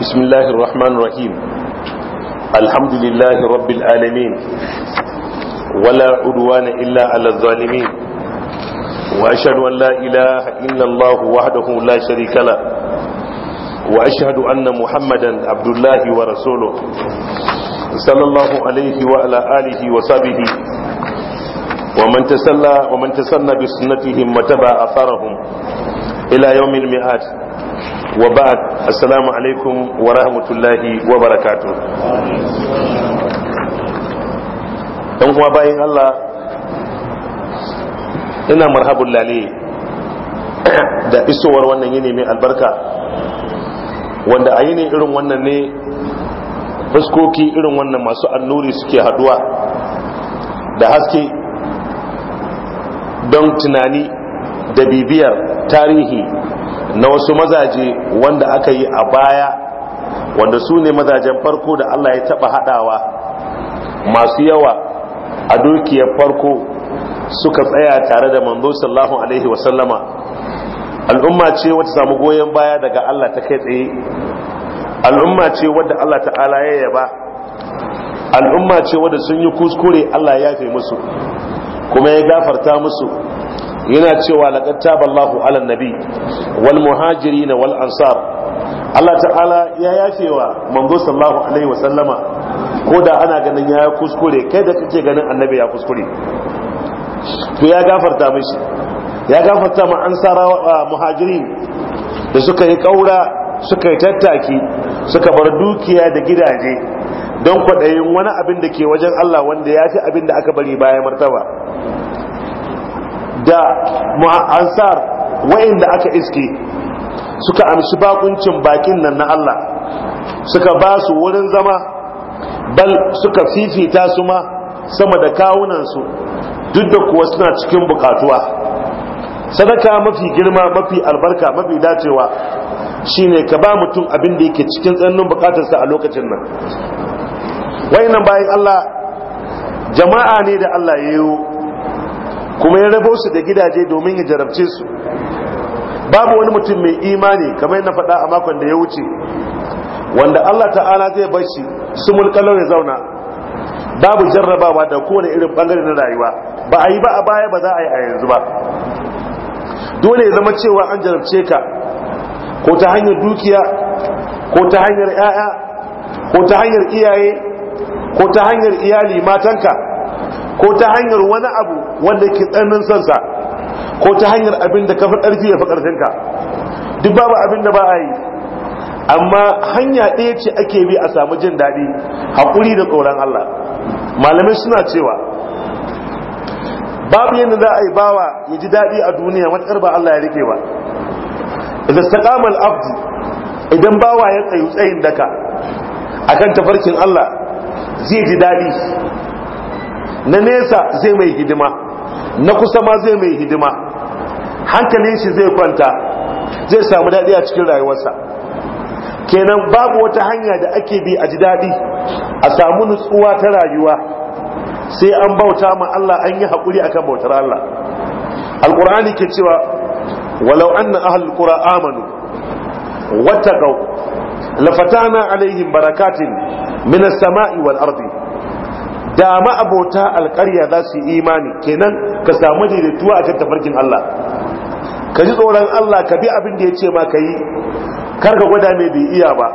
بسم الله الرحمن الرحيم الحمد لله رب العالمين ولا عدوان إلا على الظالمين وأشهد أن لا إله إلا الله وحده لا شريك له وأشهد أن محمدا عبد الله ورسوله صلى الله عليه وعلى آله وصحبه ومن تسلى ومن تسنى بسنتهم وتبع أثرهم إلى يوم المئات wa ba'ad assalamu alaikum wa rahmatullahi wa barakatuh dan kuma bayin Allah ina marhabun lale da isowar wannan yini mai albarka wanda a yini irin wannan ne fuskoki irin wannan masu annuri suke haduwa da haske don tunani da bibiyar tarihi na wasu mazaje wanda aka yi a baya wanda su ne mazajen farko da Allah ya taba hadawa masu yawa a dukiyar farko suka tsaya tare da manzo sallallahu alaihi wasallama al'umma ce wata samu goyon baya daga Allah ta kai tsaye al'umma ce wadda Allah ta'ala ya yaba al'umma ce wadda sun yi kuskure Allah ya yafe musu kuma ya gafarta musu yana cewa laqad Allahu ala nabi wal muhajirin wal ansar Allah ta'ala ya yafewa manzo sallallahu alaihi wa sallama ko da ana ganin ya kuskure kai da kake ganin annabi ya kuskure to ya gafarta mishi ya gafarta ma ansara muhajirin da suka yi kaura suka yi tattaki suka bar dukiya da gidaje don kwaɗayin wani abin da ke wajen Allah wanda ya fi abin da aka bari baya martaba da ansar wa'inda aka iske suka amshi bakuncin bakin nan na Allah suka ba su wurin zama bal suka fifita su ma sama da kawunansu duk da kuwa suna cikin bukatuwa sadaka mafi girma mafi albarka mafi dacewa shine ka ba mutum abin da yake cikin tsananin bukatarsa a lokacin nan wayannan bayan Allah jama'a ne da Allah ya yi kuma ya rabo su da gidaje domin ya jarabce su babu wani mutum mai imani kamar yadda faɗa a makon da ya wuce wanda Allah ta'ala zai bar shi su mulkalar ya zauna babu jarrabawa da kowane irin bangare na rayuwa ba a yi ba a baya ba za a yi a yanzu ba dole ya zama cewa an jarabce ka ko ta hanyar dukiya ko ta hanyar 'ya'ya ko ta hanyar iyaye ko ta hanyar iyali matanka ko ta hanyar wani abu wanda ke tsananin sansa ko ta hanyar abin da kafa ƙarfi ya fi ƙarfinka duk babu abin da ba a yi amma hanya ɗaya ce ake bi a samu jin daɗi haƙuri da tsoron Allah malamai suna cewa babu yadda za a yi bawa ya ji daɗi a duniya matsar ba Allah ya rike ba da saƙamal abdu idan bawa ya tsayu tsayin daka akan tafarkin Allah zai ji daɗi na nesa zai mai hidima na kusa ma zai mai hidima hankalin shi zai kwanta zai samu daɗi a cikin rayuwarsa kenan babu wata hanya da ake bi a ji daɗi a samu nutsuwa ta rayuwa sai an bauta ma Allah an yi haƙuri akan bautar Allah alƙur'ani ke cewa walau na ahal ƙura amanu wata wattaqu lafatana alaihim barakatin minas sama'i wal ardi da ma'abota alƙarya za su yi imani kenan ka samu daidaituwa a kan tafarkin Allah ka ji tsoron Allah ka bi abin da ya ce ma ka yi kar ka gwada mai bai iya ba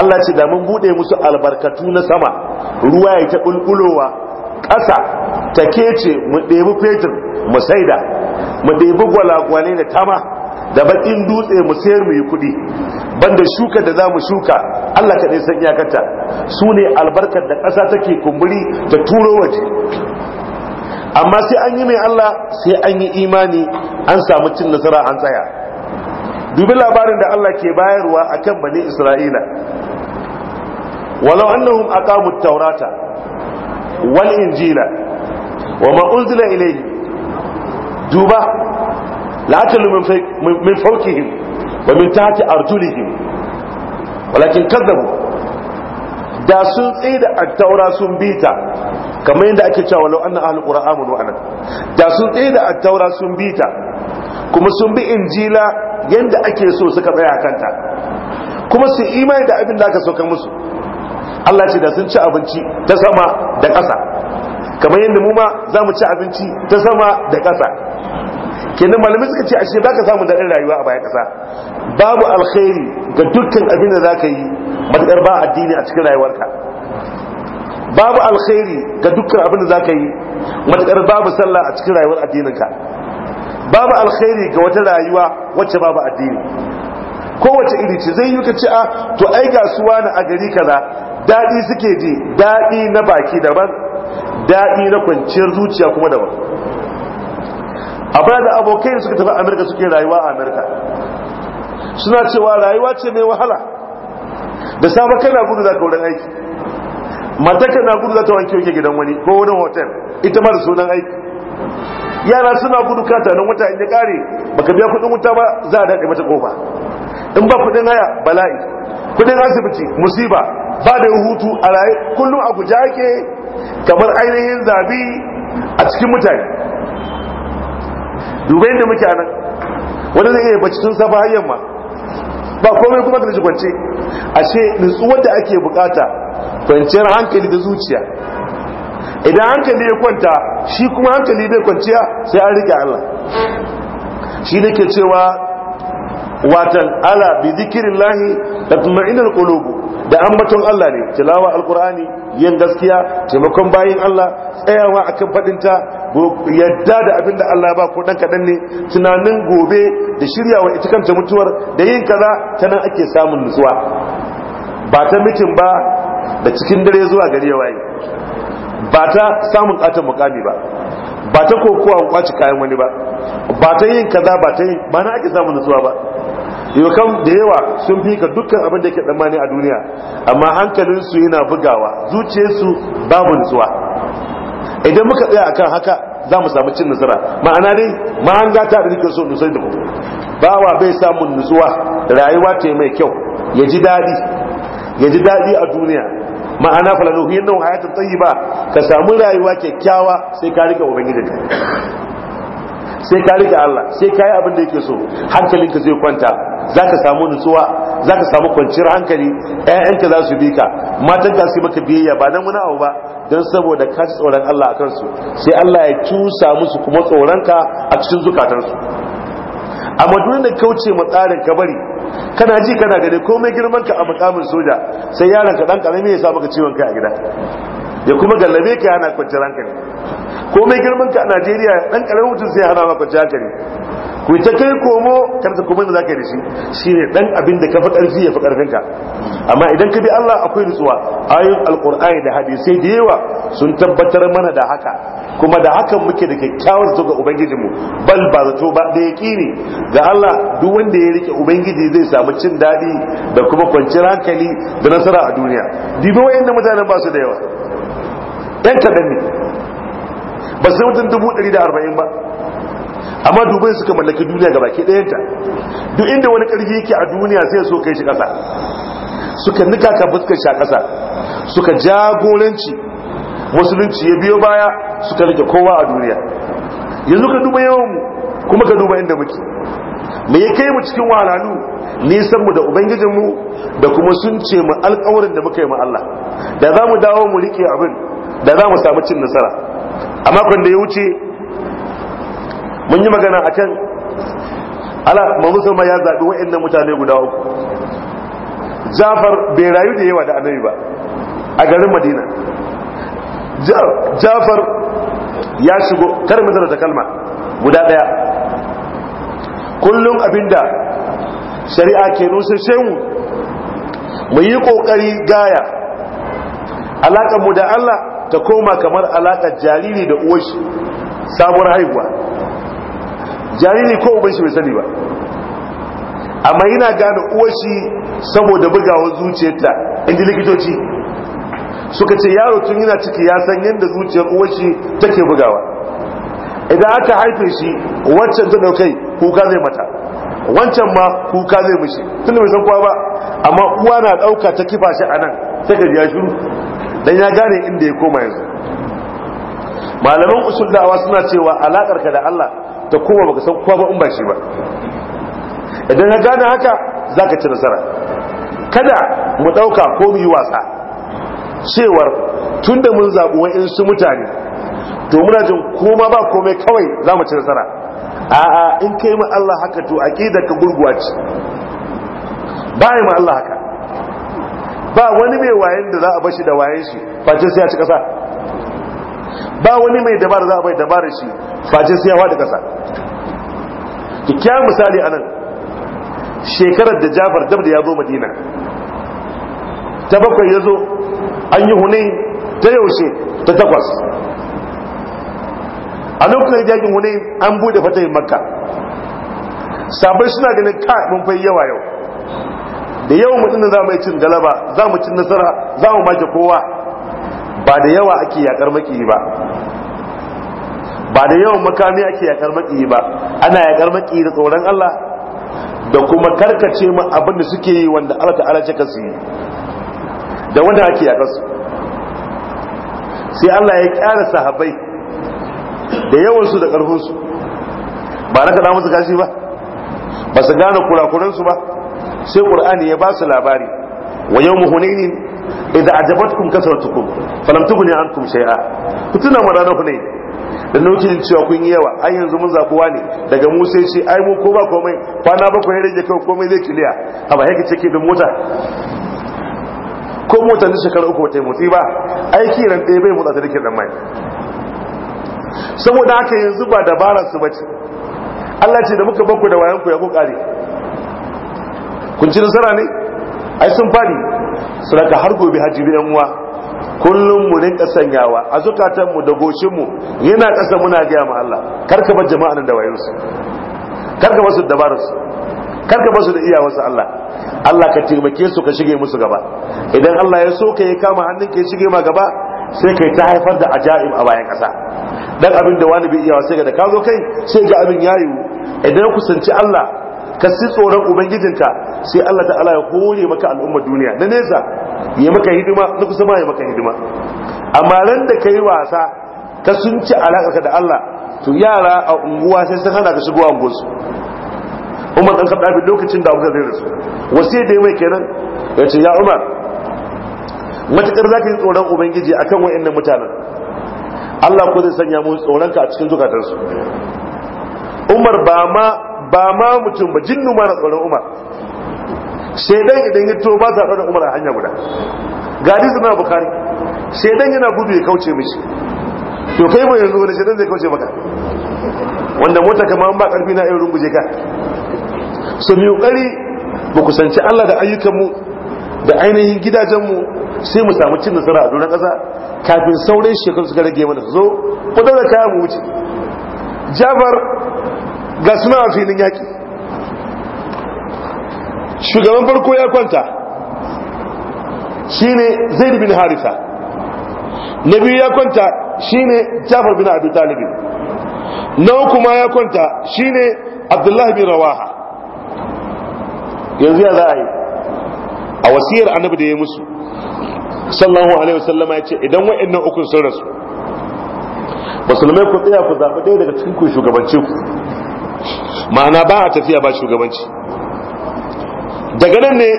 Allah ce da mun buɗe musu albarkatu na sama ruwa ya ta ƙulƙulowa ƙasa ta kece mu ɗebi fetur mu saida mu ɗebi gwalagwale da tama da baƙin dutse mu sayar mu yi kuɗi banda shuka da za mu shuka Allah kaɗai san iyakarta su ne albarkar da ƙasa take kumburi da turo waje amma sai an yi mai Allah sai an yi imani an samu cin nasara an tsaya dubi labarin da Allah ke bayarwa a kan bani Isra'ila walau annahum aqamu at-taurata wal injila wama unzila ilayhi duba la min fawqihim wa min tahti arjulihim walakin kazzabu da sun tsida attaura sun bita kamar yadda ake cewa law anna ahlul qur'an amanu da sun tsida attaura sun bita kuma sun bi injila yanda ake so suka tsaya kanta kuma su imani da abin da aka sauka musu Allah ce da sun ci abinci ta sama da ƙasa kamar yadda mu ma zamu ci abinci ta sama da ƙasa kenan malamai suka ce ashe baka samu daɗin rayuwa a bayan ƙasa babu alkhairi ga dukkan abin da zaka yi matakar ba addini a cikin rayuwarka babu alkhairi ga dukkan abin da zaka yi matakar babu sallah a cikin rayuwar addininka babu alkhairi ga wata rayuwa wacce babu addini kowace iri ce zai yi ka ci a ah, to ai ga suwa na a gari kaza daɗi suke ji daɗi na baki daban daɗi na kwanciyar zuciya kuma daban abin da abokai suka tafi amurka suke rayuwa a amurka suna cewa rayuwa ce mai wahala da safe kai na gudu za ka wurin aiki mataka na gudu za ta wanke wake gidan wani ko wani hotel ita ma da sunan aiki yara suna gudu kata nan wata inda ya kare baka biya kudin wuta ba za a daɗe mata kofa in ba kudin haya bala'i kudin asibiti musiba ba da hutu a raye kullum a guja ake kamar ainihin zabi a cikin mutane dubai yadda muke anan wani zai iya bacci tun safa har yamma ba komai kuma da kwance ashe nutsuwar da ake bukata kwanciyar hankali da zuciya idan hankali ya kwanta shi kuma hankali bai kwanciya sai an rike Allah shi ne ke cewa watan ala bi zikirin lahi da da ambaton Allah ne tilawa alkur'ani yin gaskiya taimakon bayin Allah tsayawa akan faɗinta yadda da abin da Allah ba ko dan kaɗan ne tunanin gobe da shiryawa ita kanta mutuwar da yin kaza ta nan ake samun nutsuwa ba ta mitin ba da cikin dare zuwa gari ya waye ba ta samun katon mukami ba ba ta kokowa kwaci kayan wani ba ba ta yin kaza ba ta yin ba na ake samun nutsuwa ba kan da yawa sun fi ka dukkan abin da yake tsammani a duniya amma hankalinsu yana bugawa zuciyarsu babu nutsuwa idan muka tsaya akan haka za mu samu cin nasara ma'ana dai an ta da nake so nusai da ku bawa bai samun nutsuwa rayuwa ce mai kyau ya ji daɗi ya ji daɗi a duniya ma'ana falalu yin nan hayatun tayyiba ka samu rayuwa kyakkyawa sai ka rika ubangijinka sai ka rika Allah sai ka yi abin da yake so ka zai kwanta za ka samu nutsuwa za ka samu kwanciyar hankali yayanka za su bi ka matan ka su maka biyayya ba nan wani abu ba don saboda ka ci tsoron Allah a kansu sai Allah ya cusa musu kuma tsoronka a cikin zukatansu A madunan da kauce ma tsarin ka bari kana ji kana gani komai girman ka a makamin soja sai yaran ka dan karami ya sa ka ciwon kai a gida ya kuma gallabe ka yana kwanciyar hankali komai girman ka a Najeriya dan karamin mutum sai hana kwanciyar ku ta kai komo karta kuma da zaka da shi shine dan abin da ka fa karfi ya karfin karfinka amma idan ka bi Allah akwai nutsuwa ayoyin alqur'ani da hadisai da yawa sun tabbatar mana da haka kuma da haka muke da kyakkyawar zato ga mu bal ba zato ba da yaqini ga Allah duk wanda ya rike ubangiji zai samu cin dadi da kuma kwanciyar hankali da nasara a duniya dibo wayannan mutanen ba su da yawa yan kadan ne ba sai mutum dubu ɗari da arba'in ba amma dubai suka mallaki duniya ga baki ɗayanta duk inda wani ƙarfi yake a duniya sai so kai shi ƙasa suka nika ka fuskar shi a ƙasa suka jagoranci musulunci ya biyo baya suka rike kowa a duniya yanzu ka duba yawan kuma ka duba inda muke me ya kai mu cikin walalu nisan mu da mu da kuma sun ce mu alƙawarin da muka yi ma Allah da za mu dawo mu rike abin da za mu samu cin nasara a makon da ya wuce mun yi magana a can ala musulma ya zaɓi wa'annan mutane guda uku jafar bai rayu da yawa da annabi ba a garin madina jafar ya shigo karin masarar ta kalma guda ɗaya kullum abinda shari'a ke nusa shehu mu yi ƙoƙari gaya alaƙar mu da allah ta koma kamar alaƙar jariri da uwashi sabuwar haihuwa jariri ko uban shi bai sani ba amma yana gane uwar shi saboda bugawar zuciyarta inda likitoci suka ce yaro tun yana ciki ya san yadda zuciyar uwar shi take bugawa idan aka haife shi wancan ta daukai kuka zai mata wancan ma kuka zai mishi tun bai san kowa ba amma uwa na dauka ta kifa shi a nan sai ka biya shiru dan ya gane inda ya koma yanzu malaman usul da'awa suna cewa alakar ka da Allah ta koma baka san kowa ba in ba shi ba idan ka gane haka zaka ci nasara kada mu ɗauka ko mu yi wasa cewar mun zabu mun zaɓi su mutane to muna jin kuma ba komai kawai za mu ci nasara a'a in kai ma Allah haka to aqidar ka gurguwa ce ba mu ma Allah haka ba wani mai wayan da za a bashi da wayan shi ce sai a ci kasa ba wani mai dabara za a bai dabara shi face sai ya da kasa kikkiawar misali anan shekarar da jafar dabda ya zo madina ta bakwai ya zo an yi hunai ta yaushe ta takwas a lokacin yake hunai an bude fatayin makka sabai suna ganin ka mun fa yawa yau da yau mutum za mu yi cin galaba za mu cin nasara za mu kowa ba da yawa ake yakar maki ba ba da yawan makami ake yakar maki ba ana yakar maki da tsoron Allah da kuma karkace mu abin da suke yi wanda Allah ta'ala ya kansu yi da wanda ake yakar su sai Allah ya kyara sahabbai da yawan su da karfin su ba na kada musu kashi ba ba su gane kurakuran su ba sai Qur'ani ya ba su labari wa yawmu hunainin idza ajabatkum kasratukum falam tughni ankum shay'a kutuna marana ne. da naukin cewa kun yi yawa ai yanzu mun zakuwa ne daga mu sai ce ai mu ko ba komai kwana bakwai rage kai komai zai kiliya a ba yake cike da mota ko mota ne shekara uku wata motsi ba aiki kiran ɗaya bai motsa ta dake dan mai saboda haka yanzu ba dabarar su bace Allah ce da muka bakku da wayanku ya ku kare kun ci nasara ne ai sun fadi su har gobe hajji bi yan uwa kullum mu rinka sanyawa a zukatanmu da goshinmu yana ƙasa muna gaya ma Allah karka ba jama'a nan da wayonsu karka basu dabararsu karka basu da iyawarsu Allah Allah ka taimake su ka shige musu gaba idan Allah ya so ka yi kama hannun ka shige ma gaba sai kai ta haifar da ajaib a bayan ƙasa dan abin da wani bai iyawa sai ga da ka kai sai ga abin ya yiwu idan kusanci Allah ka si tsoron ubangijinka sai Allah ta'ala ya kone maka al'ummar duniya na nesa ya maka hidima na kusa ma ya maka hidima amma ran da kai wasa ka sun ci alaƙarka da Allah to yara a unguwa sai sun hana ka shigo unguwarsu umar ɗan kaɗa lokacin da abu zai rasu wasu da mai kenan ya ce ya umar matuƙar za ka yi tsoron ubangiji akan wa'annan mutanen Allah ko zai sanya mu tsoronka a cikin zukatarsu umar ba ma ba ma mutum ba jinnu mara tsoron umar shaidan idan ya to ba tsoron umar a hanya guda gadi suna bukari shaidan yana gudu ya kauce mishi to kai mai yanzu wani shaidan zai kauce maka wanda mota kama an ba karfi na irin guje ka so mu kokari mu kusanci Allah da ayyukanmu da ainihin gidajenmu sai mu samu cin nasara a doron ƙasa kafin sauran shekaru suka rage mana zo ku da kaya mu wuce Jafar ga suna a filin yaƙi shugaban farko ya kwanta shi ne zaid bin harisa na biyu ya kwanta shi ne jafar bin abu talibin na uku ma ya kwanta shi ne abdullahi bin rawaha yanzu ya za a yi a wasiyar annabi da ya musu sallallahu alaihi wasallam ya ce idan wa'annan ukun sun rasu musulmai ku tsaya ku zaɓi ɗaya daga cikin ku shugabance ku ma'ana ba a tafiya ba shugabanci daga nan ne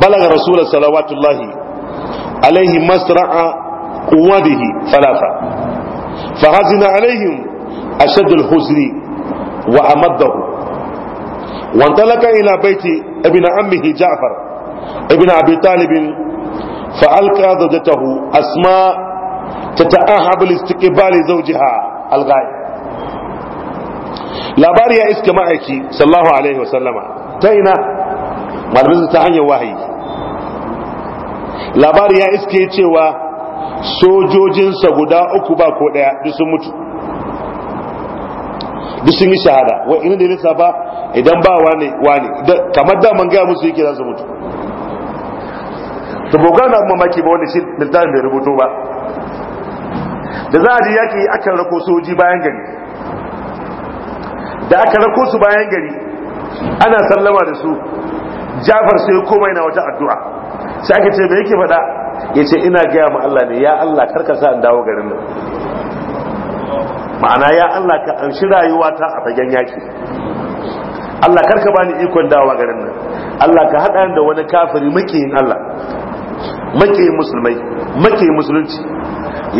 balaga rasulullah salawatullahi alaihi masra'a wadihi falafa fa hazina alaihim ashad al-huzni wa amaddahu وانطلق إلى بيت ابن عمه جعفر ابن أبي طالب فألقى زوجته أسماء تتأهب لاستقبال زوجها الغائب labari ya iska ma'aiki sallahu alaihi wasallama ta ina malamin ta hanyar wahayi labari ya iske cewa sojojinsa guda uku ba ko daya duk sun mutu duk sun yi shahada wa ina da nisa ba idan ba wane wane kamar da man gaya musu yake za su mutu to boga na mamaki ba wanda shi littafin bai rubuto ba da za a ji yaki akan rako soji bayan gani. da aka rako su bayan gari ana sallama da su jafar sai komai na wata addu'a sai aka ce me yake faɗa yace ina gaya ma Allah ne ya Allah karka sa an dawo garin nan ma'ana ya Allah ka an shi rayuwa ta a fagen yaki Allah karka bani ikon dawa garin nan Allah ka haɗa da wani kafiri makiyin Allah makiyin musulmai makiyin musulunci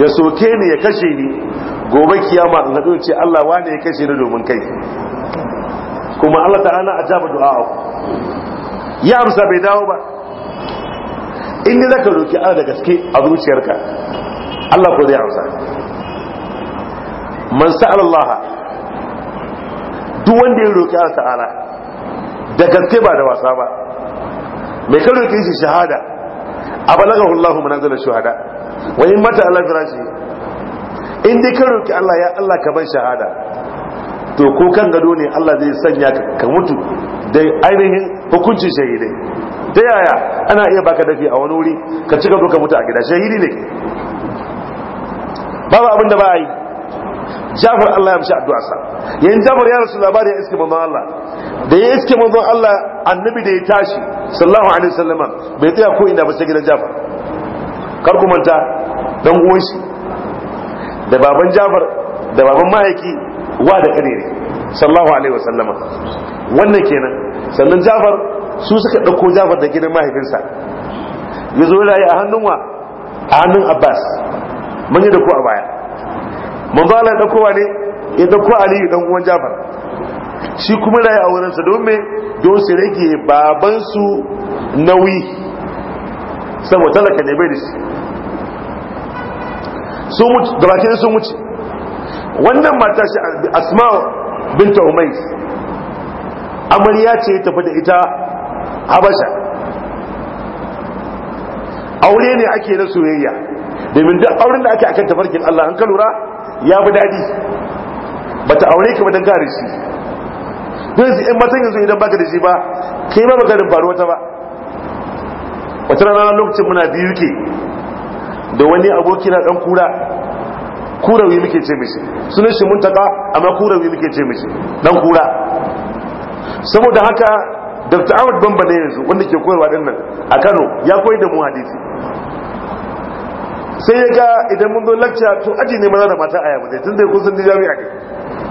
ya soke ni ya kashe ni gobe kiyama da zaɗo ce Allah wane ya kashe ni domin kai kuma Allah ta'ala a jaba du'a ya amsa bai dawo ba in ni zaka roƙi Allah da gaske a zuciyarka Allah ko zai amsa man sa'ala Allah duk wanda ya roƙi Allah ta'ala da gaske ba da wasa ba mai kan kai shi shahada a balagahu Allah manazala shuhada wa in mata Allah firashi in dai ka roki Allah ya Allah ka ban shahada to ko kan gado ne Allah zai sanya ka mutu dai ainihin hukuncin shahidai ta yaya ana iya baka dafi a wani wuri ka cika gado ka mutu a gida shahidi ne babu abin da ba yi jafar Allah ya mishi sa. yayin jafar ya rasu labarin ya iske manzon Allah da ya iske manzon Allah annabi da ya tashi sallallahu alaihi wasallam bai tsaya ko ina ba sai gidan jafar kar ku manta dan uwan shi da baban jafar da baban mahaiki wa da kare ne sallahu alaihi wasallama wannan kenan sannan jafar su suka ɗauko jafar da gidan mahaifinsa ya zo yi a hannun wa a hannun abbas mun yi da ku a baya mun ba ya ɗauko wa ne ya ɗauko aliyu ɗan uwan jafar shi kuma rayu a wurinsa domin don su rage babansu nauyi saboda talaka ne bai da shi sun wuce sun wuce wannan mata shi asma binta umais amarya ce ya tafi da ita habasha aure ne ake na soyayya domin duk auren da ake akan tafarkin Allah an kalura ya bi daɗi bata aure ka ba dan gare shi don su in matan yanzu idan baka da shi ba kai ma baka rin faru wata ba wata rana lokacin muna biyu ke da wani aboki na dan kura kurawi muke ce mishi sunan shi muntaka amma kurawi muke ce mishi dan kura saboda haka dr ahmad bamba ne yanzu wanda ke koyarwa din nan a kano ya koyi da mu hadisi sai ya ga idan mun zo lakca to aji ne maza da mata a yamu tun da kun san jami'a kai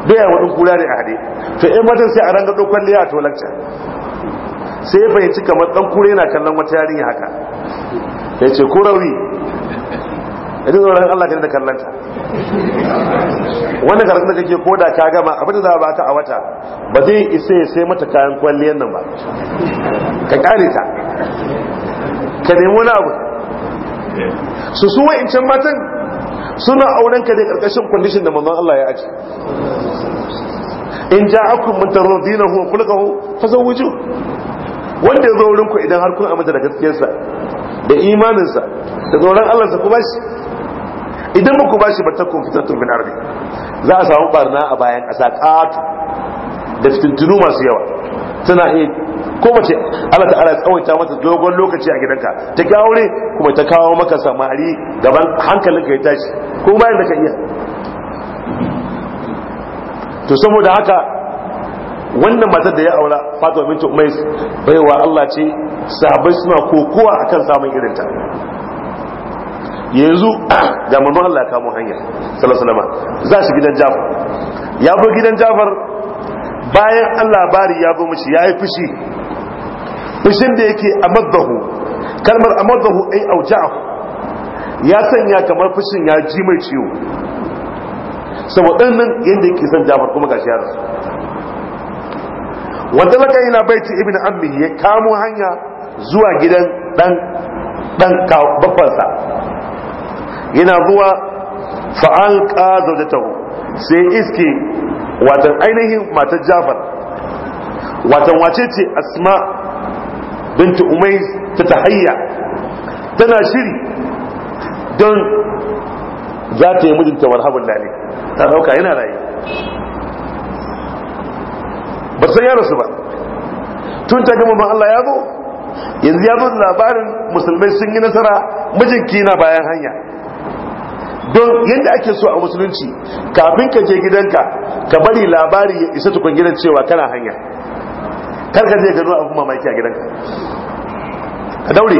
bai ya wani kura ne a hade to yan matan sai a ranga dokon liya a to lakca sai ya fahimci kamar dan kura yana kallon wata yarinya haka ya ce kurawi ya ji tsoron allah ka da kallanta wani garin da kake koda ka gama abin da za a baka a wata ba zai isa ya sai mata kayan kwalliyar nan ba ka kare ta ka nemi wani abu su in wa'incan matan suna auren ka ne karkashin kwandishin da manzon Allah ya aji in ja ja'akum min taradinahu wa khulquhu wuju. wanda ya zo wurin ku idan har kun amince da gaskiyarsa da imaninsa da tsoron Allah sa ku bashi idan muku bashi takon fitattun min ardi za a samu barna a bayan ƙasa ƙato da fitintunu masu yawa tana iya ko mace Allah ta'ala ya tsawaita mata dogon lokaci a gidanka ta ga aure kuma ta kawo maka samari gaban hankalin ka ya tashi ko bayan da ka iya to saboda haka wannan matar da ya aura Fatima bintu Umais baiwa Allah ce sahabbai suna kokowa akan samun irinta yanzu ga Allah ya kamo hanya sallallahu alaihi wasallam za shi gidan Jafar ya bi gidan Jafar bayan Allah bari ya bi mishi yayi fushi fushin da yake amaddahu kalmar a ai auja'ahu ya sanya kamar fushin ya ji mai ciwo saboda nan yadda yake son Jafar kuma gashi ya rasu wanda laka ina baiti ibn ammi ya kamo hanya zuwa gidan dan dan bakwansa yana zuwa fa'an da zawjatahu sai iske watan ainihin matar Jafar watan wace ce Asma binta umai ta ta hayya tana shiri don za ta yi mijinta marhaban lalai. ta dauka yana raye ba san yara su ba tun ta gama ban Allah ya zo yanzu ya zo labarin musulmai sun yi nasara mijinki na bayan hanya don yadda ake so a musulunci kafin ka je gidanka ka bari labari ya isa tukun gidan cewa kana hanya kar ka gano abin mamaki a gidanka ka daure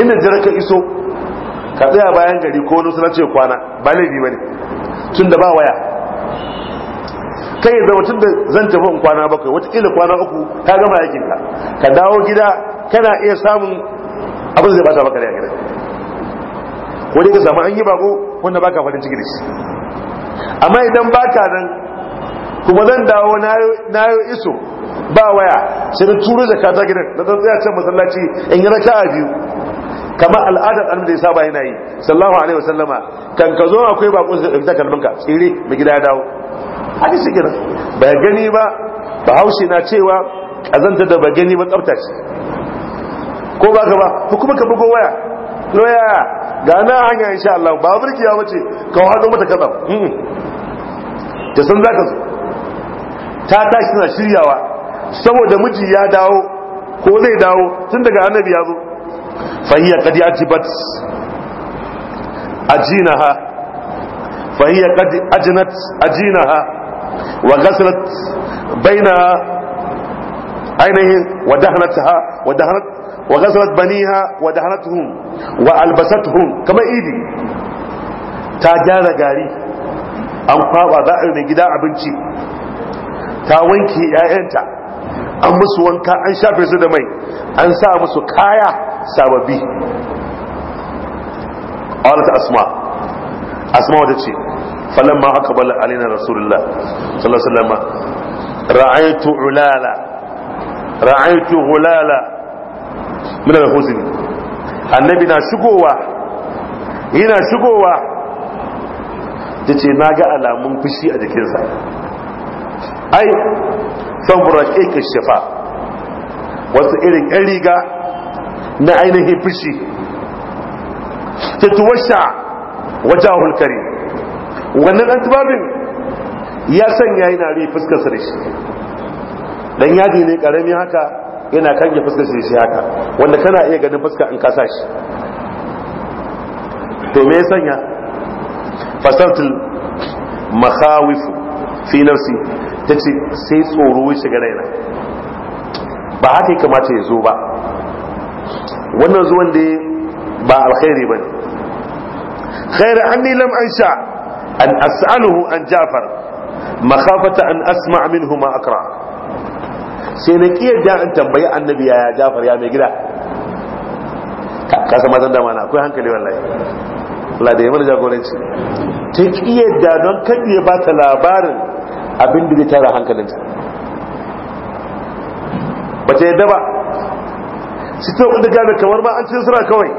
inda jirar ka iso ka tsaya bayan gari ko wani suna ce kwana ba laifi ba ne tun da ba waya kai ya zama tun da zan tafi kwana bakwai watakila kwana uku ka gama aikinka ka dawo gida kana iya samun abin zai bata maka da ya gida. ko dai ka samu an yi bako wanda baka farin ciki da shi amma idan baka nan kuma zan dawo na yi iso ba waya sai turu da kata gidan na zan tsaya can masallaci in yi raka'a biyu kamar al'adar annabi da ya saba yana yi sallahu alaihi wasallama kan ka zo akwai bakon da ɗauki ka. tsire mu gida ya dawo shi gidan ba gani ba bahaushe na cewa kazanta da ba gani ba tsafta ce ko ba ka ba ko kuma ka bugo waya loya ga na hanya insha Allah ba ya bace ka hado mata kaza ta san zaka zo ta tashi tana shiryawa saboda miji ya dawo ko zai dawo tun daga annabi ya zo fa hiya qad ajibat ajinaha fa hiya qad ajnat ajinaha wa ghasalat baina ainihin wa dahnataha wa dahnat wa ghazawat baniha wa dahanatuhum wa albasatuhum kamar idi ta gyara gari an kwaba za a yi gida abinci ta wanke 'ya'yanta an musu wanka an shafe su da mai an sa musu kaya sababbi qalat asma asma wata ce falamma aqbala min al-huzni annabi na shigowa yana shigowa tace ga alamun fushi a jikinsa ai sabra kike shafa wasu irin yan riga na ainihin fushi ta tuwasha wajahul hulkari wannan tubabin ya sanya yana ri fuskar sa da shi dan yadi ne karami haka yana kange fuskar shi shi haka wanda kana iya ganin fuska in kasa shi to me sanya fasaltul makhawif fi nafsi tace sai tsoro ya shiga raina ba haka ya kamata ya zo ba wannan zuwan da ba alkhairi bane khairu anni lam ansha an as'aluhu an ja'far makhafata an asma' minhu ma akra' sai na ƙiyar da tambayi annabi ya ya jafar ya mai gida sama zan dama na akwai hankali wallahi Allah da ya mana jagoranci ta ƙiyar da don kan ya ba ta labarin abin da zai tara hankalinta ba ta yadda ba su ta wadda gane kamar ba an cin sura kawai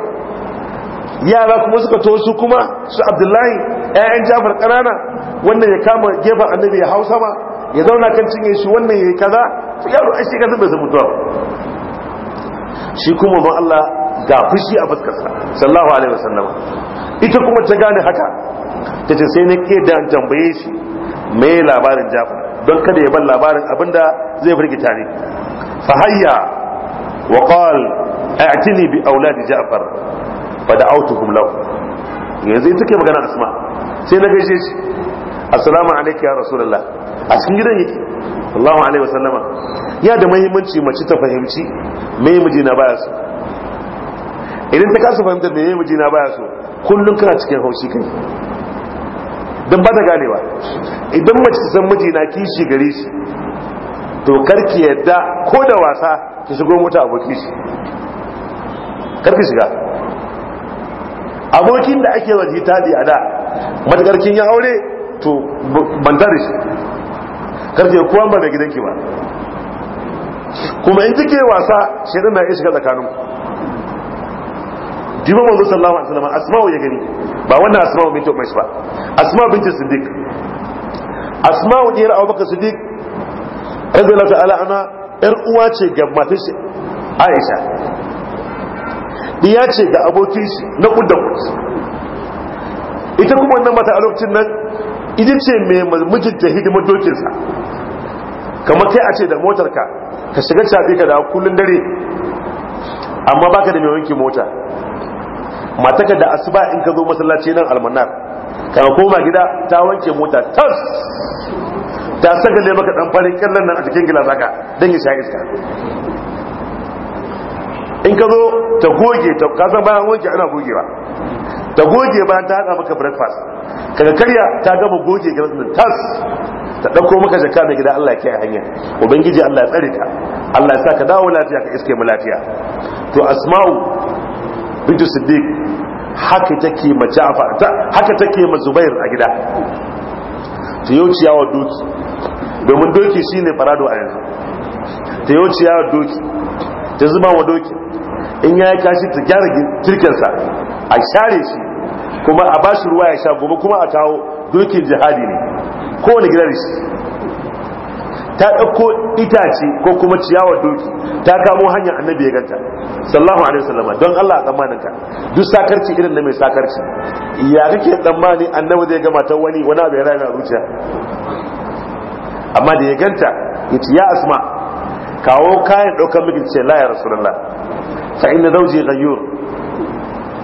yara kuma suka to su kuma su abdullahi 'ya'yan jafar ƙanana wannan ya kama gefen annabi ya hausa ma ya zauna kan cinye shi wannan ya yi kaza yaro ai shi ka bai san mutuwa shi kuma ban Allah ga fushi a fuskarsa Sallahu alaihi wasallam ita kuma ta gane haka ta ce sai na ke da tambaye shi me labarin Jafar don kada ya bar labarin abinda zai firgita tare fa hayya wa qal a'tini bi auladi Ja'far fa da'awtuhum law yanzu ita ke magana asma sai na gaishe shi assalamu alaikum ya rasulullah a cikin gidan yake sallallahu alaihi wasallama ya da muhimmanci mace ta fahimci me mijina baya so idan ta kasa fahimtar me mijina baya so kullum kana cikin haushi kai don ba ta ganewa idan mace ta san mijina kishi gare shi to karki yadda ko da wasa ta shigo mota abokin shi karki shiga abokin da ake waje tadi a da matakarkin ya haure to ban tare shi karfe kowa ba da gidanki ba kuma in kike wasa shaidan na iya shiga tsakaninku jiba manzo sallallahu alaihi wasallam asma'u ya gani ba wannan asma'u binti umais ba asma'u binti siddiq asma'u diyar abubakar siddiq radiyallahu ta'ala ana yar uwa ce ga matar shi aisha diya ce ga abokin shi na kudda ita kuma wannan mata a lokacin nan ita ce mai ta hidimar dokinsa kamar kai a ce da motarka ka shiga shafi ka dawo kullun dare amma baka da mai wanki mota mataka da asuba in ka zo masallaci nan almanar ka koma gida ta wanke mota tas ta saka ne maka dan farin kallon nan a cikin gila zaka dan yi sha iska in ka zo ta goge ta kasan bayan wanke ana gogewa Da goge bayan ta haɗa maka breakfast kaga karya ta gama goge gidan nan tas ta ɗauko maka jaka mai gida Allah ya kiyaye hanya ubangiji Allah ya tsare ka Allah ya sa ka dawo lafiya ka iske mu lafiya to asma'u bintu siddiq haka take ma ja'far haka take ma zubair a gida ta yauciya wa doki domin doki shine farado a yanzu ta yauciya wa doki ta zuba wa doki in ya kashi ta gyara kirkinsa a share shi kuma a ba ruwa ya sha gobe kuma a kawo dokin jihadi ne kowane gidan shi ta ɗauko itace ko kuma ciyawar doki ta kamo hanyar annabi ya ganta sallahu alaihi wasallama don Allah a tsammanin ka duk sakarci irin na mai sakarci ya kake tsammani annabi zai gama ta wani wani abu ya rana zuciya amma da ya ganta yace ya asma kawo kayan ɗaukar miki ce la ya rasulullah fa inna zawji ghayyur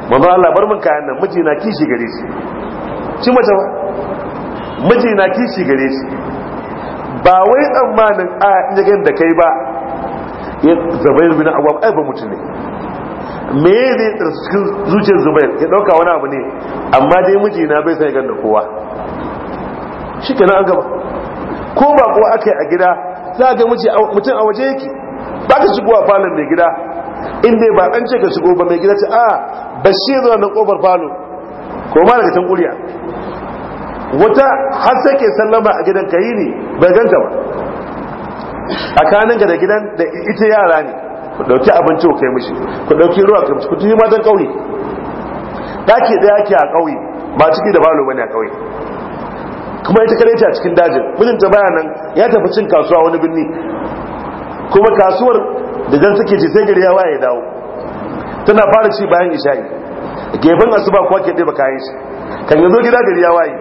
manzo Allah bar min kayan nan miji na kishi gare shi shi mace ba miji na kishi gare shi ba wai tsammanin a yagen da kai ba ya zubair bin awwab ai ba mutum ne me zai cikin zuciyar zubair ya dauka wani abu ne amma dai miji na bai sai gan da kowa shi kenan an gaba ko ba ko aka yi a gida za ga mutum a waje yake ba ka shigowa falon mai gida Inda ba an ce ka shigo ba mai gida ce a ah, bashir zuwa nan kofar falo ko ma daga can kuriya wata har sai ke sallama a gidan kayi ne bai ganta ba a kanin ga da gidan da ita yara ne ku dauki abinci ku kai mishi ku dauki ruwa ku ku tuni matan kauye daki daya ke a kauye ba ciki da falo bane a kauye kuma ita kare ta cikin dajin mijinta baya nan ya tafi cin kasuwa wani birni. kuma kasuwar da jan suke ci sai gari ya waye dawo tana fara ci bayan isha'i gefen asuba kuwa ke baka kayan shi kan yanzu gida gari ya waye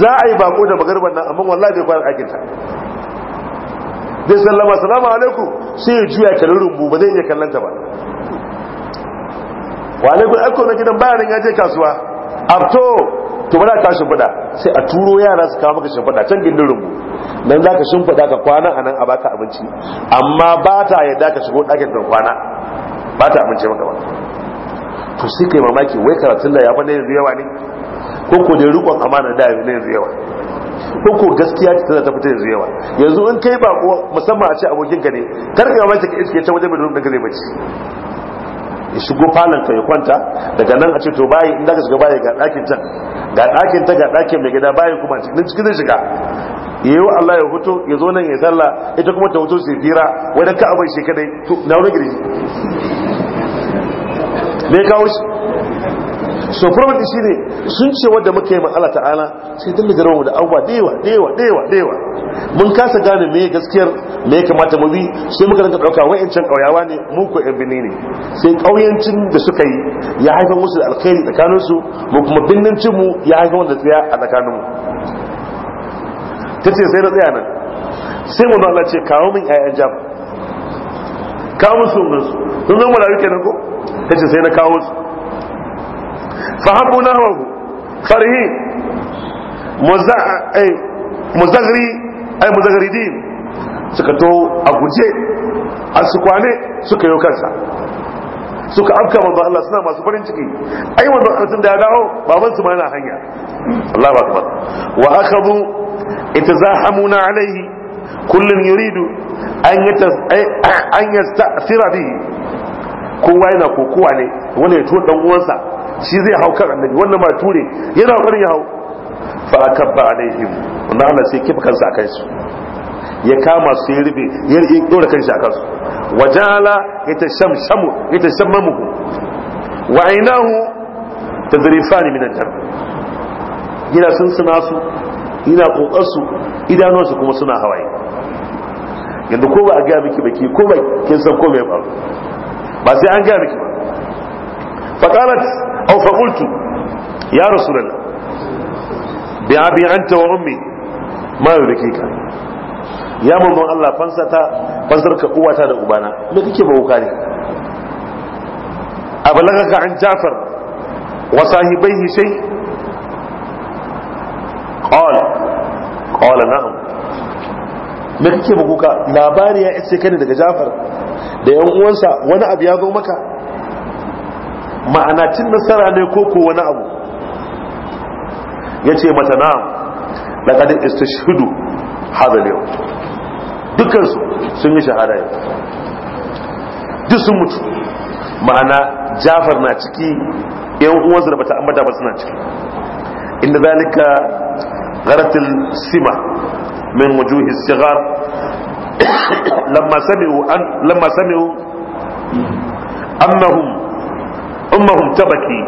za a yi bako da magarban nan amma wallahi bai kwana ɗakin ta bai sallama salamu alaikum sai ya juya kalin rumbu ba zai iya kallon ta ba wa alaikum aiko na gidan bayanin ya je kasuwa abto to bada ka shimfiɗa sai a turo yara su kawo maka shimfiɗa can gindin rumbu za ka shimfiɗa ka kwana a nan a baka abinci amma ba ta yadda ka shigo ɗakin ka kwana ba ta abinci maka ba to sai kai mamaki wai karatun da ya fa yanzu yawa ne ko ko dai rukon amana da yanzu yawa ko ko gaskiya ce tana ta fita yanzu yawa yanzu in kai ba musamman a ce abokin ka ne kar ka mamaki ka iske ta wajen mai rumbu da ka zai bace ya shigo falon ka ya kwanta daga nan a ce to bayi in daga shiga bayi ga ɗakin can ga ɗakin ta ga ɗakin mai gida bayi kuma cikin cikin zai shiga yayi Allah ya huto ya zo nan ya sallah ita kuma ta huto sai fira ka abai shi kadai to na wani gidi ne kawo shi so problem shi ne sun ce wadda muka yi Allah ta'ala sai dalla jarawa da abubuwa dewa dewa dewa dewa mun kasa gane me gaskiyar me kamata mu bi sai muka rinka dauka wa'ancan kauyawa ne mu ko yan binni ne sai kauyancin da suka yi ya haifar musu da alkhairi tsakaninsu. mu kuma binnancin mu ya haifar wanda tsaya a tsakaninmu. Ta ce sai na tsaya nan sai mu Allah ce kawo min yayan jam kawo musu mun sun zo mu da kenan ko ce sai na kawo su fahabu nahwahu farihi muzagri ay din suka to a guje a su kwane suka yi kansa suka afka manzo Allah suna masu farin ciki ai manzo Allah da ya dawo baban su ma yana hanya ba kuma wa akhadhu itazahamuna alaihi kullun yuridu an yata an yasta'thira bihi kowa yana kokowa ne wani ya to dan uwansa shi zai hau kan annabi wannan ma ture yana farin ya hau fa ba alaihim wannan Allah sai kifa kansa akan su ya kama su ya rufe ya dora kansa akan su wajala yatashamshamu yatashammamu wa ainahu tadrifani min al-dam gina sun suna su ina kokar su idanuwansu kuma suna hawaye Yadda ko ba a gaya miki baki ko ba kin san ko mai ba ba sai an gaya miki ba faqalat aw fa qultu ya rasulullah bi abi anta wa ummi ma yurikika ya manzon Allah fansata fansarka uwata da ubana me kake bauka ne abalagaka an jafar wa sahibaihi shay qala qala na'am me kake bauka labari ya isa kane daga jafar da yan uwansa wani abu ya zo maka ma'ana cin nasara ne ko ko wani abu ya ce mata na'am laƙadin istashhudu hadal yau dukansu sun yi shahada yau duk sun mutu ma'ana jafar na ciki yan uwansu da bata ambata ba suna ciki inda zalika gharatil sima min wujuhi sigar lamma sami'u annahum ummahum tabaki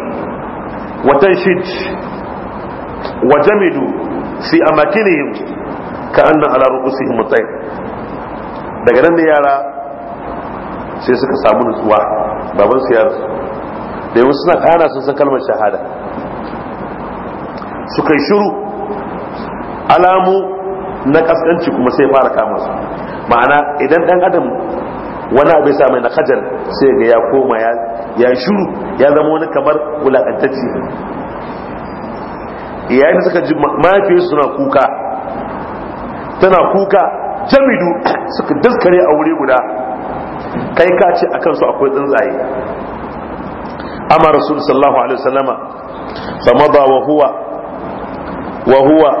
wa tanshid wa jamidu fi amakinihim ka anna ala ru'usihim mutayn daga nan da yara sai suka samu nutsuwa baban su yara da yawan suna kana sun san kalmar shahada suka yi shiru alamu na kaskanci kuma sai fara kama su ma'ana idan dan adam wani abu ya mai na kajar sai ga ya koma ya ya shuru ya zama wani kamar wulakantacce yayin da suka ji mahaifiyar suna kuka tana kuka jamidu suka daskare a wuri guda kai ka ce akan su akwai tsuntsaye amma rasul sallallahu alaihi wasallama fa mada wa huwa wa huwa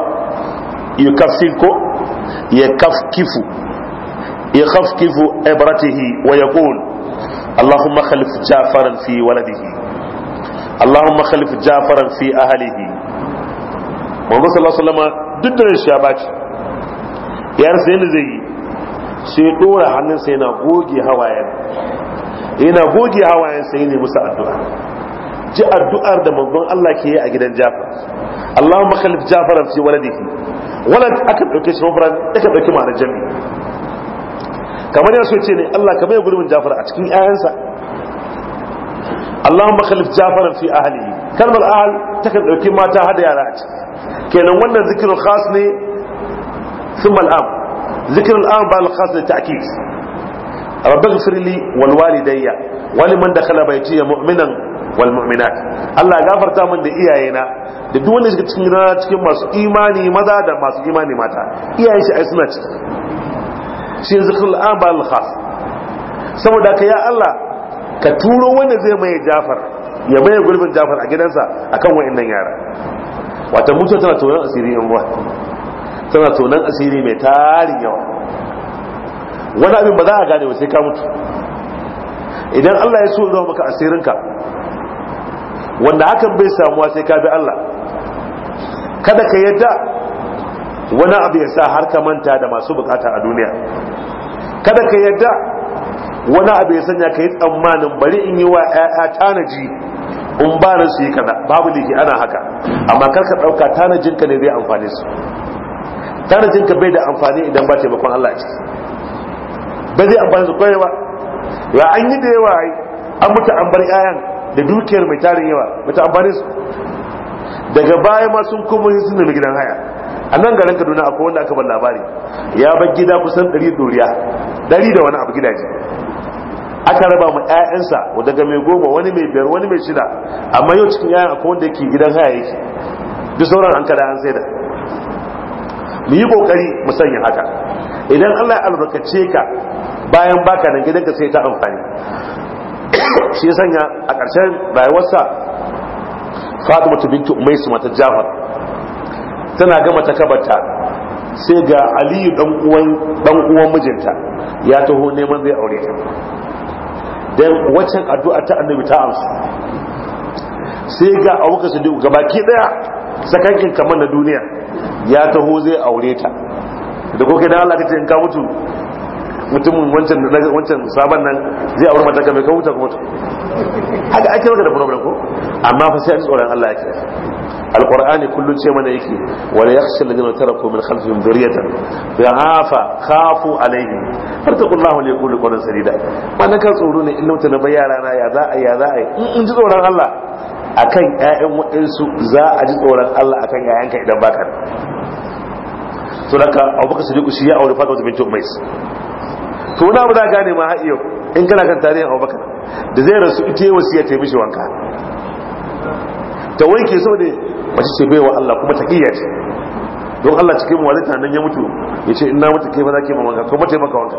yukaffil ko yakafkifu yakhafkifu ibratihi wa yaqul اللهم خلف جعفرا في ولده اللهم خلف جعفرا في أهله محمد صلى الله عليه وسلم duk da shi ya baci ya rasa yadda zai yi sai ya dora yana goge hawayen yana goge hawayen sai ne Musa addu'a ji addu'ar da manzon Allah ke yi a gidan Jafar Allahumma khalif Jafar fi waladihi walad aka dauke shi mafran aka dauke ma'anar jami'i kamar yana so ce ne Allah ka bai gurbin Jafar a cikin ƴaƴansa Allahumma khalif Jafar fi ahlihi kalmar ahl kan dauki mata hada yara a ciki kenan wannan zikrul khas ne thumma al-am zikrul am ba al-khas da ta'kid rabbana firli wal walidayya wal man dakhala bayti mu'minan wal mu'minat Allah ya gafarta min da iyayena da duk wanda suka cikin rana cikin masu imani maza da masu imani mata iyayen shi ai suna ciki shi yanzu khul'an ba al saboda ka ya Allah ka turo wanda zai maye Jafar ya maye gurbin Jafar a gidansa akan wayannan yara wata mutuwa tana tonan asiri in ruwa tana tonan asiri mai tarin yawa wani abin ba za a gane ba sai ka mutu idan Allah ya so zama maka asirinka wanda hakan bai samuwa sai ka bi Allah kada ka yadda wani abu ya sa har ka manta da masu bukata a duniya kada ka yadda wani abu ya sanya ka yi tsammanin bari in yi wa 'ya'ya tanaji in ba su yi kaza babu liki ana haka amma kar ka ɗauka tanajinka ne zai amfani su tanajinka bai da amfani idan ba taimakon Allah ce ba zai amfani su kwaye ba ya an yi da yawa an mutu an bar 'ya'yan da dukiyar mai tarin yawa mutu amfani su daga baya ma sun kuma sun sunan gidan haya a nan garin kaduna akwai wanda aka bar labari ya bar gida kusan ɗari doriya ɗari da wani abu gidaje aka raba mu ƴaƴansa daga mai goma wani mai biyar wani mai shida amma yau cikin ƴaƴan akwai wanda yake gidan haya yake duk sauran an kada an saida mu yi kokari mu sanya haka idan Allah ya albarkace ka bayan baka nan gidan ka sai ta amfani shi ya sanya a ƙarshen rayuwarsa Fatima bintu Umaysu mata Jafar tana gama takabarta sai ga aliyu dan uwan mijinta ya taho neman zai aure ta don waccan addu'a ta annabi ta amsa sai ga abubakar ga gabaki daya sakankin kamar na duniya ya taho zai aure ta da koke da Allah in ka mutu mutumin wancan wancan sabon nan zai aure mata ka ka huta kuma haka ake maka da problem ko amma fa sai tsoron Allah yake alqur'ani kullun ce mana yake wala yakhsha alladhina taraku min khalfihim dhurriyatan yahafa khafu alaihim fartaqullahu li kulli qawlin sadida wannan kan tsoro ne in mutane ba yara na ya za a ya za a in ji tsoron Allah akan ƴaƴan wadansu za a ji tsoron Allah akan ƴaƴanka idan baka to daga Abubakar Siddiq shi ya aure Fatima bint Umais to na abu za gane ma haɗiyo in kana kan tarihin abubakar da zai rasu ita yi wasiya ta yi wanka ta wanke ne ba ce wa Allah kuma ta kiyar don Allah cikin walita nan ya mutu ya ce ina mutu ke ba za ke ma wanka kuma taimaka wanka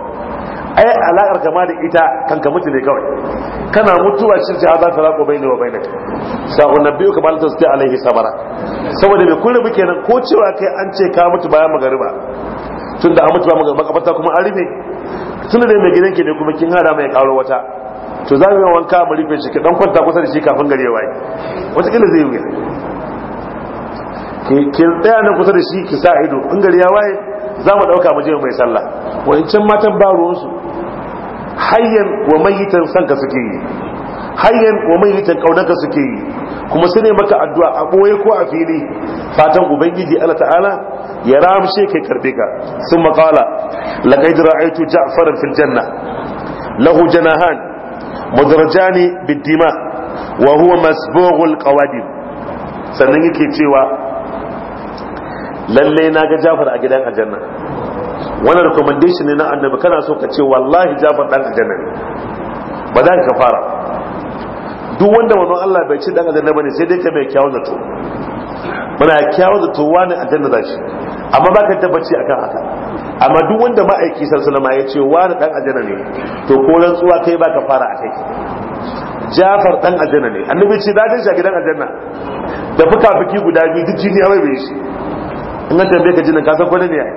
ai alaƙar kama da ita kanka mutu ne kawai kana mutuwa shi ce za ta raƙo ne wa bainu sa'un na biyu kamar tasdi alaihi sabara saboda mai kun rabu kenan ko cewa kai an ce ka mutu bayan magariba tun da an mutu bayan magariba kuma an rufe tun da mai gidanki ne kuma kin hada mai karo wata to za mu yi wanka mu rufe shi dan kwanta kusa da shi kafin gare ya waye wata kila zai yi ki tsaya nan kusa da shi ki sa ido in gari ya waye za mu ɗauka mu je mai sallah wancan matan ba ruwansu hayyan wa mayitan sanka suke yi hayyan wa mayitan ka suke yi kuma su ne maka addu'a a ɓoye ko a fili fatan ubangiji Allah ta'ala ya ramshe kai karbe ka sun maƙala laƙai da ra'aitu ja'farin fil janna lahu janahan mudarjani biddima wa huwa masbughul qawadim sannan yake cewa lalle na ga Jafar a gidan aljanna wannan recommendation ne na annabi kana so ka ce wallahi Jafar dan aljanna ne ba za ka fara duk wanda wannan Allah bai ci dan aljanna bane sai dai ka mai kyawun zato muna kyawun ne wani aljanna da shi amma ba ka tabbaci akan haka amma duk wanda ma'aiki sallama ya ce wani dan ajana ne to ko rantsuwa kai ba ka fara a kai jafar dan ajana ne annabi ce da dan shagidan aljanna da fuka-fuki guda biyu duk jini awai bai shi in ka tambaye ka jinin kasan kwana ne ya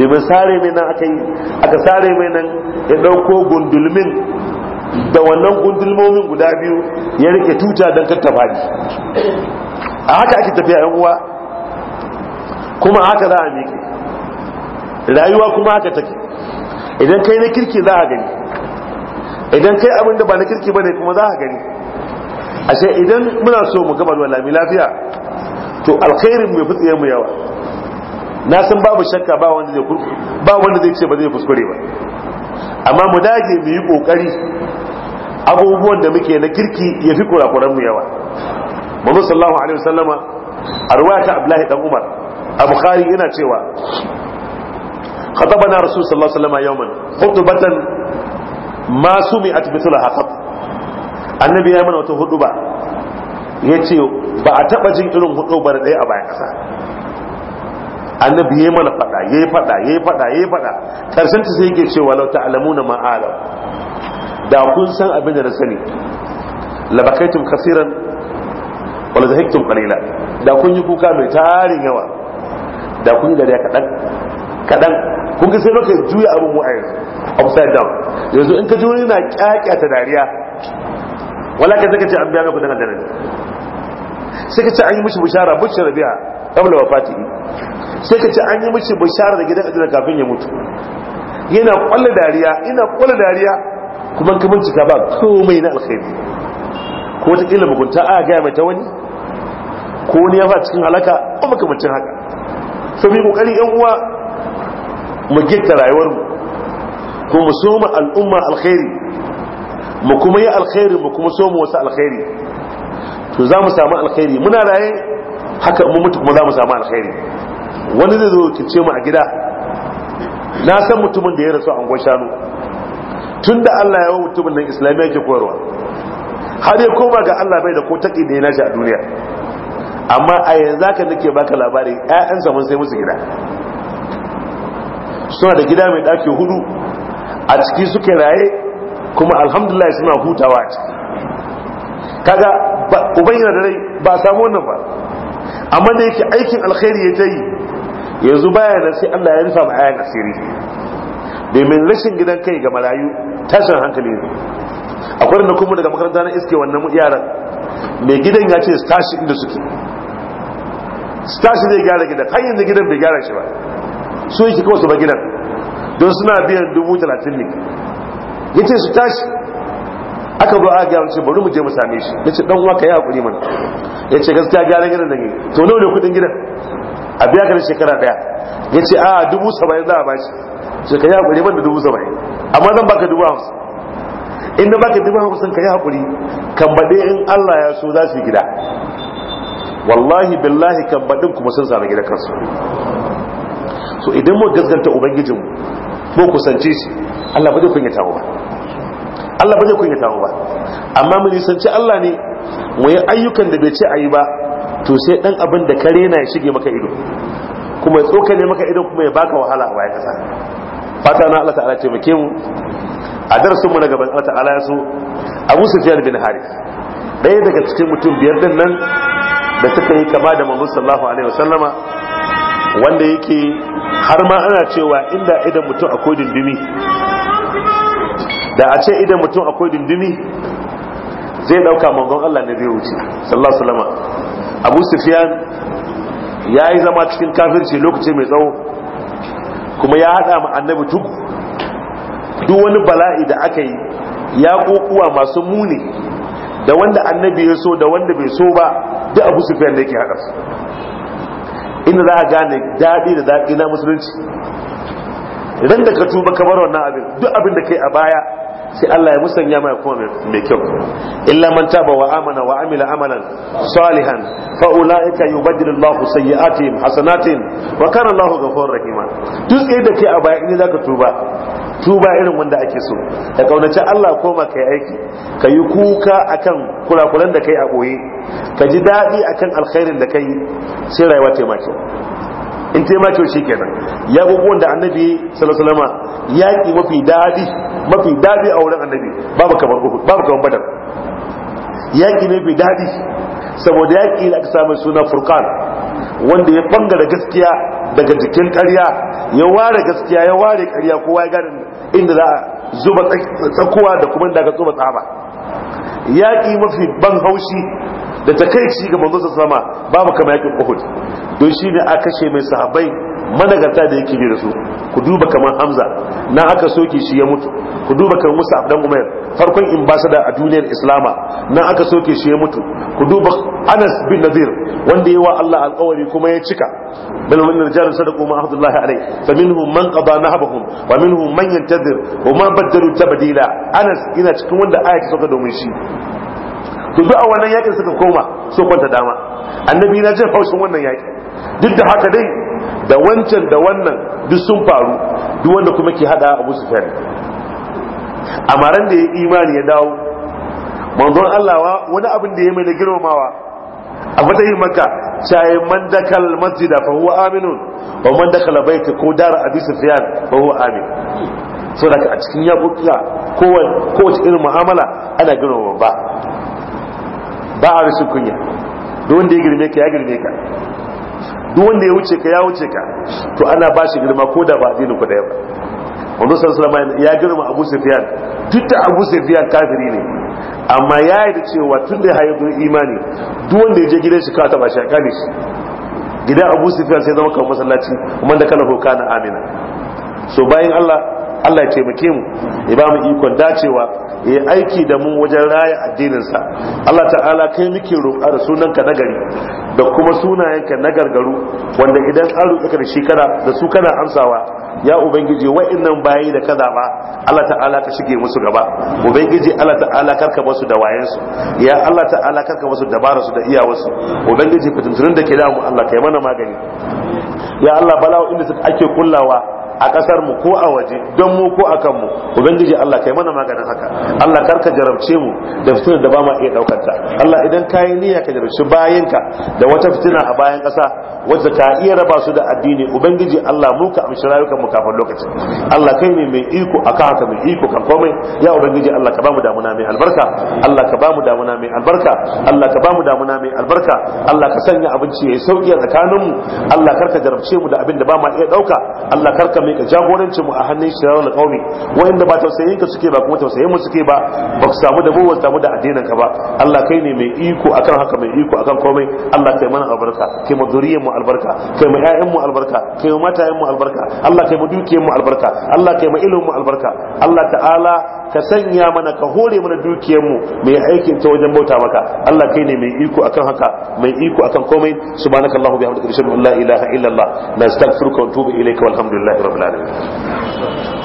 domin sare mai nan aka yi aka sare mai nan ya ɗauko gundulmin da wannan gundulmomin guda biyu ya rike tuta don kattafa ne a haka ake tafiya yan uwa kuma haka za a miƙe rayuwa kuma haka take idan kai na kirki za a gani idan kai abinda ba na kirki ba ne kuma za a gani ashe idan muna so mu gaba da lami lafiya to alkhairin mai fitsiye mu yawa na san babu shakka ba wanda zai ce ba zai kuskure ba amma mu dage mu yi kokari abubuwan da muke na kirki ya fi kurakuran mu yawa manzo sallallahu alaihi wasallama a ruwaya abdullahi dan umar a bukhari yana cewa khatabana rasul sallallahu alaihi wasallama yawman khutbatan ma sumi'at bithulaha qat annabi ya mana wata huduba yace ba a taba jin irin hudubar daya a bayan kasa annabi ya mana fada ya yi fada ya yi fada ya yi fada karshen ta sai yake cewa lau ta'lamuna ma alam da kun san abin da na sani labakaitum kasiran wala zahiktum qalila da kun yi kuka mai tarin yawa da kun yi dariya kadan kadan kun ga sai baka juya abin wa'ayi upside down yanzu in ka ji wani na kyakyata dariya wala ka zaka ce an biya mai kudin aljanna sai ka ce an yi mishi bishara bushara biya kabla wafatihi sai ka ce an yi mishi bishara da gidan aljanna kafin ya mutu yana kwalla dariya ina kwalla dariya kuma ka bincika ba komai na alkhairi ko ta kila mugunta a ga mai ta wani ko ne ya fa cikin halaka ko makamacin haka so mu kokari yan uwa mu gitta rayuwar mu ko mu so mu al'umma alkhairi mu kuma yi alkhairi mu kuma so mu wasu alkhairi to za mu samu alkhairi muna raye haka mu mutu kuma za mu samu alkhairi wani zai zo ce mu a gida na san mutumin da ya rasu a angon shanu tun da Allah ya wa mutumin nan islamiyya ke koyarwa har ya koma ga Allah bai da ko taƙi da ya nashi a duniya amma a yanzu haka nake baka labari ƴaƴan zaman sai musu gida suna da gida mai ɗaki hudu a ciki suke raye kuma alhamdulillah suna hutawa a ciki kaga uban yana da rai ba a samu wannan ba amma da yake aikin alkhairi ya ta yi yanzu baya na sai Allah ya rufa ma ayan asiri domin rashin gidan kai ga marayu tashin hankali ne akwai da kuma daga makaranta na iske wannan yaran mai gidan ya ce su tashi inda suke su tashi zai gyara gidan har yanzu gidan bai gyara shi ba su yi kawai su ba gidan don suna biyan dubu talatin ne ya ce su tashi aka zo a gyara ce bari mu je mu same shi ya ce dan uwa ka yi hakuri mana ya ce gaskiya gyara gidan da ne to nawa ne kudin gidan a biya kan shekara daya ya ce a dubu saba'in za a ba bashi shekara ya hakuri mana da dubu saba'in amma zan baka dubu hamsin in na baka dubu hamsin ka yi haƙuri kan baɗe in Allah ya so za su gida wallahi billahi kan baɗin kuma sun sami gida kansu so idan mu gaskanta ubangijin mu kusance shi Allah ba zai kunyata tawo ba Allah ba zai kunyata tawo ba amma mu nisanci Allah ne mu yi ayyukan da bai ce ayi ba to sai dan abin da kare na ya shige maka ido kuma ya tsokane maka ido kuma ya baka wahala a bayan kasa fata na Allah ta'ala ce mu a darasin mu na gaban Allah ta'ala ya Abu Sufyan bin Harith ɗaya daga cikin mutum biyar din nan da suka yi kama da Muhammad sallallahu alaihi wasallama wanda yake har ma ana cewa inda idan mutum akwai dindimi da a ce idan mutum akwai dindimi zai dauka mangon Allah na biyu wuce sallallahu alaihi wasallama Abu Sufyan ya yi zama cikin kafirci lokaci mai tsawo kuma ya haɗa ma annabi tuku duk wani bala'i da aka yi ya kokuwa masu muni da wanda annabi ya so da wanda bai so ba duk abu fiye da yake haɗa su inda za a gane daɗi da daɗi na musulunci idan da ka tuba ka bar wannan abin duk abin da kai a baya sai Allah ya musanya mai kuma mai kyau illa man taba wa amana wa amila amalan salihan fa ulaika yubaddilu Allahu sayyi'atihim hasanatin wa kana Allahu ghafurur rahima duk sai da kai a baya in zaka tuba tuba irin wanda ake so da kaunaci Allah koma kai aiki ka yi kuka akan kurakuran da kai a boye ka ji daɗi akan alkhairin da kai sai rayuwa ta in ta maki shi kenan ya gugu da annabi sallallahu alaihi yaki mafi daɗi mafi daɗi a wurin annabi babu kamar uhud babu kamar badar ya ne mafi daɗi saboda yaki da aka samu suna furqan wanda ya bangare gaskiya daga jikin ƙarya ya ware gaskiya ya ware ƙarya kowa ya gane inda za a zuba tsakuwa da kuma daga zuba tsaba yaƙi mafi ban haushi da ta kai takaici ga manzon sama babu kama yakin uhud don ne aka kashe mai sahabbai managarta da yake bi da su ku duba kamar hamza na aka soke shi ya mutu ku duba kamar musa abdan umar farkon in basa da a duniyar islama na aka soke shi ya mutu ku duba anas bin nadir wanda yawa allah alkawari kuma ya cika bal min rijalin sadaqu ma ahdullahi alai fa minhum man qada nahabahum wa minhum man yantazir wa ma badalu tabdila anas ina cikin wanda aya ta soka domin shi to duk a wannan yakin suka koma so kwanta dama annabi na jin haushin wannan yakin duk da haka dai da wancan da wannan duk sun faru duk wanda kuma ke hada abu su fere. amaran da ya imani ya dawo manzon Allah wani abin da ya mai da girmamawa a fatahin maka shayin man dakal masjida fa huwa aminun wa man baita ko dara abi sufyan fa huwa amin so daga a cikin yakuka kowace irin mu'amala ana girmama ba ba a rashin kunya duk wanda ya girme ka ya girme ka duk wanda ya wuce ka ya wuce ka to ana ba shi girma ko da ba addinin ku daya ba wanda sallallahu alaihi ya girma Abu Sufyan duk da Abu Sufyan kafiri ne amma ya yi da cewa tun da ya haihu imani duk wanda ya je gidan shi kawai taba shi a kame shi gidan Abu Sufyan sai zama kamar masallaci kuma da kana hoka na amina so bayan Allah Allah ya taimake mu ya ba mu ikon dacewa ya aiki da mu wajen raya addininsa Allah ta'ala kai muke roƙa da sunanka na gari da kuma sunayenka na gargaru wanda idan an roƙe ka da shi kana da su kana amsawa ya ubangiji wa'annan bayi da kaza ba Allah ta'ala ka shige musu gaba ubangiji Allah ta'ala karka basu da wayan su. ya Allah ta'ala karka basu dabara su da su. ubangiji fitinturin da ke da mu Allah kai mana magani ya Allah bala'o inda suka ake kullawa a kasar mu ko a waje don mu ko a kanmu ubangiji Allah kai mana maganin haka Allah kar ka jarabce mu da fitinar da ba ma iya daukar ta Allah idan ka yi niyya ka jarabci bayanka da wata fitina a bayan kasa wacce ka iya raba su da addini ubangiji Allah mu ka amshi rayukan mu kafin lokacin Allah kai ne mai iko aka haka mai iko kan komai ya ubangiji Allah ka ba mu damuna mai albarka Allah ka ba mu damuna mai albarka Allah ka ba mu damuna mai albarka Allah ka sanya abinci yayi sauki a tsakaninmu Allah kar ka jarabce mu da abin da ba ma iya dauka Allah kar ka mika jagorancin mu a hannun shi da kaumi wanda ba tausayin ka suke ba kuma tausayin mu suke ba ba ku samu da mu samu da addinin ka ba Allah kai ne mai iko akan haka mai iko akan komai Allah kai mana albarka kai mu zuriyar mu albarka kai mu ƴaƴan mu albarka kai mu matayen mu albarka Allah kai mu dukiyar mu albarka Allah kai mu ilimin mu albarka Allah ta'ala ka sanya mana ka hore mana dukiyar mu mai aikin ta wajen bauta maka Allah kai ne mai iko akan haka mai iko akan komai subhanakallahumma bihamdika ashhadu an la ilaha illa allah nastaghfiruka wa atubu ilayka walhamdulillahi rabbil kula